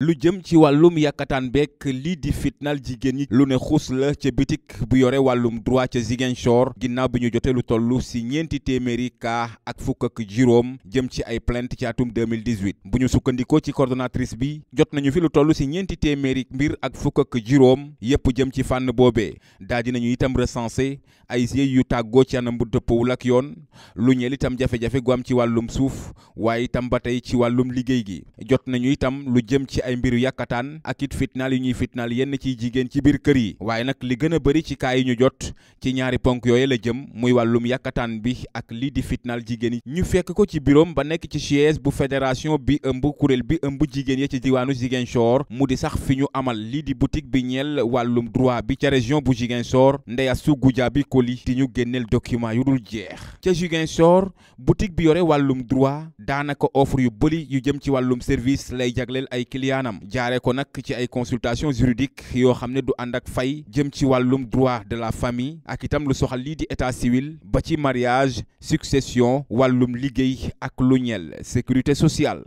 lu jëm ci wàllum yàkkataan beek lii di fitnaal jigéen ñi lu ne xuus la ca bitik bu yore wàllum droit ca Ziguinchor ginnaaw bi ñu jote lu toll si ñeenti téeméeri kaa ak fukk juróom jëm ci ay plainte ci atum 2018 bu ñu sukkandikoo ci coordonnatrice bi jot nañu fi lu toll si ñeenti téeméeri mbir ak fukk juróom yépp jëm ci fànn boobee daal nañu itam recensé ay siège yu tàggoo ci anam bu ak yoon lu ñeel itam jafe-jafe gu am ci wàllum suuf waaye itam ba tey ci wàllum liggéey gi ay mbiru yakatan ak it fitnaal yu ñuy fitnaal yenn ci jigen ci bir kër yi waye nak li gëna bari ci kay ñu jot ci ñaari ponk yoy la jëm muy walum yakatan bi ak li di fitnal jigen yi ñu fekk ko ci birom ba nek ci siège bu fédération bi ëmb kurel bi ëmb jigen ya ci jigen Ziguinchor mu di sax fi ñu amal li di boutique bi ñel walum droit bi ci région bu Ziguinchor ndeya su bi koli di ñu génneel document yu dul jeex jigen Ziguinchor boutique bi yoré walum droit danaka offre yu bëri yu jëm ci walum service lay jaglél ay client Je reconnais ko ci ay consultation juridique yo xamné du andak droit de la famille ak itam lu soxal li di état civil ba mariage succession walum liguey ak lu sécurité sociale